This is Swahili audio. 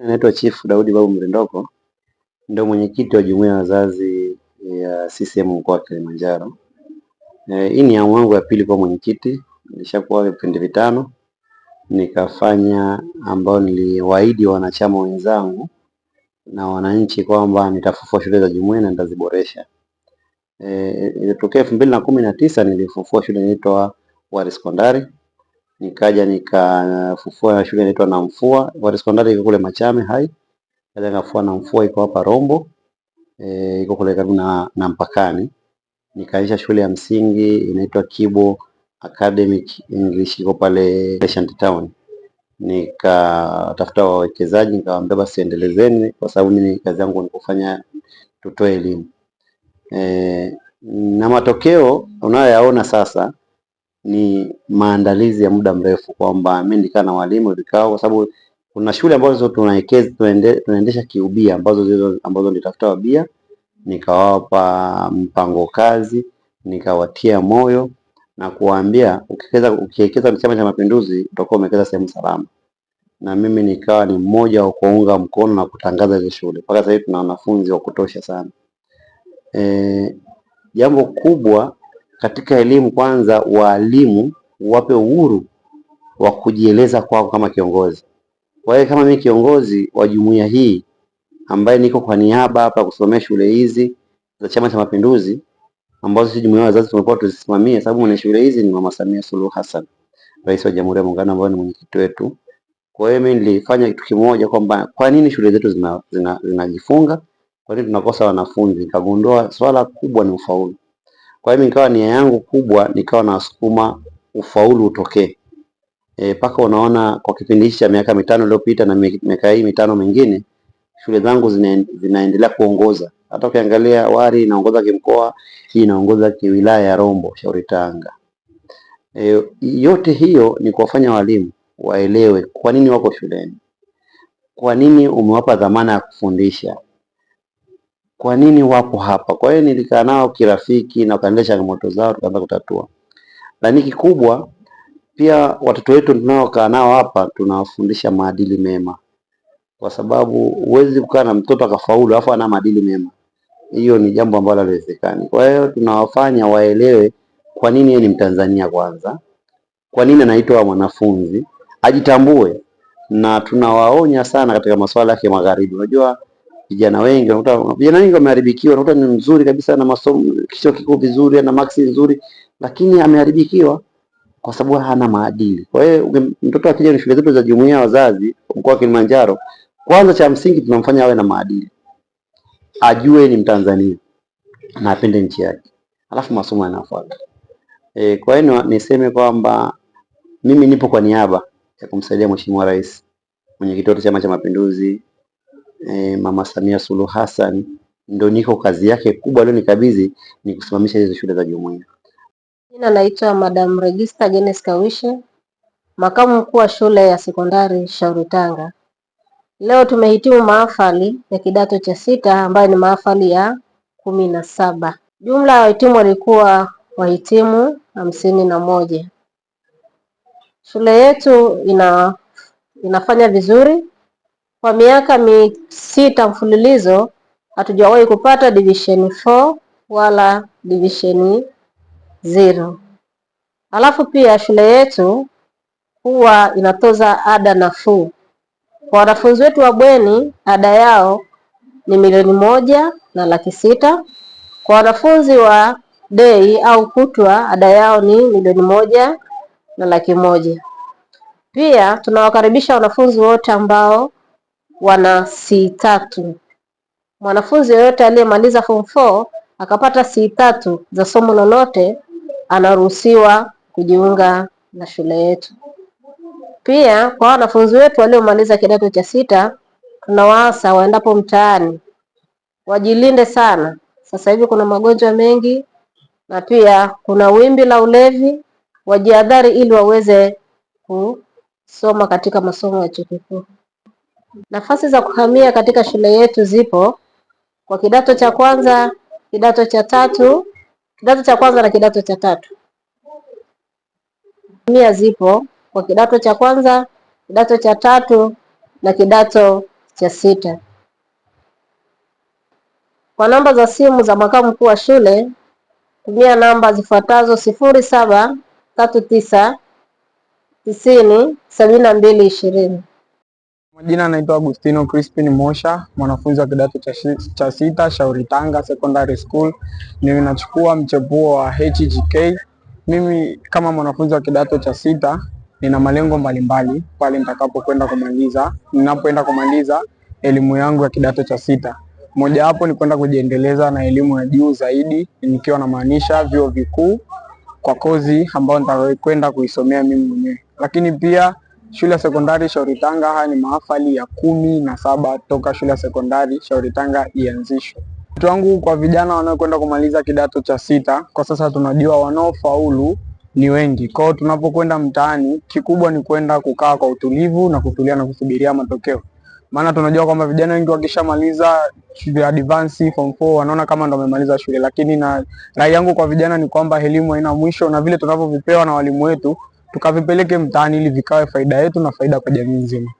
Naitwa Chief Daudi Babu Mrindoko, ndio mwenyekiti wa jumuiya ya wazazi eh, ya CCM mkoa wa Kilimanjaro. E, hii ni awamu yangu ya pili kwa mwenyekiti. Nilishakuwa vipindi vitano nikafanya ambao niliwaahidi wanachama wenzangu na wananchi kwamba nitafufua shule za jumuiya na nitaziboresha. E, ilitokea elfu mbili na kumi na tisa nilifufua shule inaitwa Wari Sekondari nikaja nikafufua shule inaitwa Namfua wale sekondari iko kule Machame hai, kaja nikafufua Namfua iko hapa Rombo e, iko kule karibu na, na mpakani. Nikaanzisha shule ya msingi inaitwa Kibo Academic English iko pale Patient Town. Nikatafuta wawekezaji nikawaambia basi endelezeni, kwa sababu mimi kazi yangu ni kufanya tutoe elimu e, na matokeo unayoyaona sasa ni maandalizi ya muda mrefu, kwamba mimi nikaa na walimu vikao, kwa sababu kuna shule ambazo tunaekeza tunaendesha kiubia ambazo zizo, ambazo nitafuta wabia nikawapa mpango kazi nikawatia moyo na kuwaambia ukiwekeza ukiwekeza Chama cha Mapinduzi utakuwa umewekeza sehemu salama, na mimi nikawa ni mmoja wa kuunga mkono na kutangaza hizo shule. Mpaka sasa hivi tuna wanafunzi wa kutosha sana. E, jambo kubwa katika elimu, kwanza waalimu wape uhuru wa kujieleza kwao kama kiongozi. Kwa hiyo kama mimi kiongozi wa jumuiya hii ambaye niko kwa niaba hapa kusomea shule hizi za Chama cha Mapinduzi ambazo sisi jumuiya wazazi tumekuwa tuzisimamia, sababu mwenye shule hizi ni Mama Samia Suluhu Hassan, Rais wa Jamhuri ya Muungano, ambaye ni mwenyekiti wetu. Kwa hiyo mimi nilifanya kitu kimoja kwamba kwa nini shule zetu zinajifunga, zina, zina kwa nini tunakosa wanafunzi. Nikagundua swala kubwa ni ufaulu. Kwa hiyo nikawa nia yangu kubwa nikawa nasukuma ufaulu utokee e, mpaka e, unaona kwa kipindi hichi cha miaka mitano iliyopita na miaka hii mitano mingine shule zangu zinaendelea kuongoza. Hata ukiangalia Wari inaongoza kimkoa, hii inaongoza kiwilaya ya Rombo, Shauri Tanga. E, yote hiyo ni kuwafanya walimu waelewe kwa nini wako shuleni, kwa nini umewapa dhamana ya kufundisha kwa nini wapo hapa. Kwa hiyo nilikaa nao kirafiki na wakaendea changamoto zao, tukaanza kutatua. Lakini kikubwa pia watoto wetu tunaokaa nao hapa tunawafundisha maadili mema, kwa sababu huwezi kukaa na mtoto akafaulu afu ana maadili mema, hiyo ni jambo ambalo haliwezekani. Kwa hiyo tunawafanya waelewe kwa nini yeye ni Mtanzania kwanza, kwa nini anaitwa mwanafunzi, ajitambue, na tunawaonya sana katika masuala yake magharibi. Unajua vijana wengi unakuta vijana wengi wameharibikiwa, unakuta ni mzuri kabisa na masomo, kichwa kiko vizuri, ana maksi nzuri, lakini ameharibikiwa kwa sababu hana maadili. Kwa hiyo mtoto akija shule zetu za jumuiya wazazi mkoa wa Kilimanjaro, kwanza cha msingi tunamfanya awe na maadili, ajue ni Mtanzania na apende nchi yake, alafu masomo yanafuata. E, kwa hiyo niseme kwamba mimi nipo kwa niaba ya kumsaidia Mheshimiwa Rais, mwenyekiti wa Chama cha Mapinduzi e, Mama Samia Suluhu Hassan ndo niko kazi yake kubwa leo nikabidhi ni kusimamisha hizo shule za jumuiya. Jina naitwa Madam Regista Genes Kawishi, makamu mkuu wa shule ya sekondari Shauri Tanga. Leo tumehitimu mahafali ya kidato cha sita ambayo ni mahafali ya kumi na saba. Jumla ya wahitimu walikuwa wahitimu hamsini na moja. Shule yetu ina, inafanya vizuri kwa miaka sita mfululizo hatujawahi kupata division 4 wala division 0. Alafu pia shule yetu huwa inatoza ada nafuu kwa wanafunzi wetu wa bweni. Ada yao ni milioni moja na laki sita. Kwa wanafunzi wa dei au kutwa, ada yao ni milioni moja na laki moja. Pia tunawakaribisha wanafunzi wote ambao wana C tatu. Mwanafunzi yoyote aliyemaliza form 4 akapata C tatu za somo lolote anaruhusiwa kujiunga na shule yetu. Pia kwa wanafunzi wetu waliomaliza kidato cha sita, tunawaasa waendapo mtaani wajilinde sana. Sasa hivi kuna magonjwa mengi na pia kuna wimbi la ulevi, wajihadhari ili waweze kusoma katika masomo ya chuo kikuu. Nafasi za kuhamia katika shule yetu zipo kwa kidato cha kwanza, kidato cha tatu, kidato cha kwanza na kidato cha tatu. Mia zipo kwa kidato cha kwanza, kidato cha tatu na kidato cha sita. Kwa namba za simu za makamu mkuu wa shule tumia namba zifuatazo: sifuri saba tatu tisa tisini sabini na mbili ishirini. Majina anaitwa Agustino Crispin Mosha, mwanafunzi wa kidato cha, cha sita Shauri Tanga Secondary School. Mimi nachukua mchepuo wa HGK. Mimi kama mwanafunzi wa kidato cha sita nina malengo mbalimbali pale nitakapokwenda kumaliza, ninapoenda kumaliza elimu yangu ya kidato cha sita. moja hapo ni kwenda kujiendeleza na elimu ya juu zaidi, nikiwa namaanisha vyuo vikuu kwa kozi ambayo nitakwenda kuisomea mimi mwenyewe, lakini pia Shule ya sekondari Shauritanga. Haya ni mahafali ya kumi na saba toka shule ya sekondari Shauritanga ianzishwe. Wito wangu kwa vijana wanaokwenda kumaliza kidato cha sita, kwa sasa tunajua wanaofaulu ni wengi. kwao. tunapokwenda mtaani, kikubwa ni kwenda kukaa kwa utulivu na kutulia na kusubiria matokeo, maana tunajua kwamba vijana wengi wakishamaliza advance form 4 wanaona kama ndo wamemaliza shule, lakini na rai yangu kwa vijana ni kwamba elimu haina mwisho, na vile tunavyovipewa na walimu wetu tukavipeleke mtaani ili vikawe faida yetu na faida kwa jamii nzima.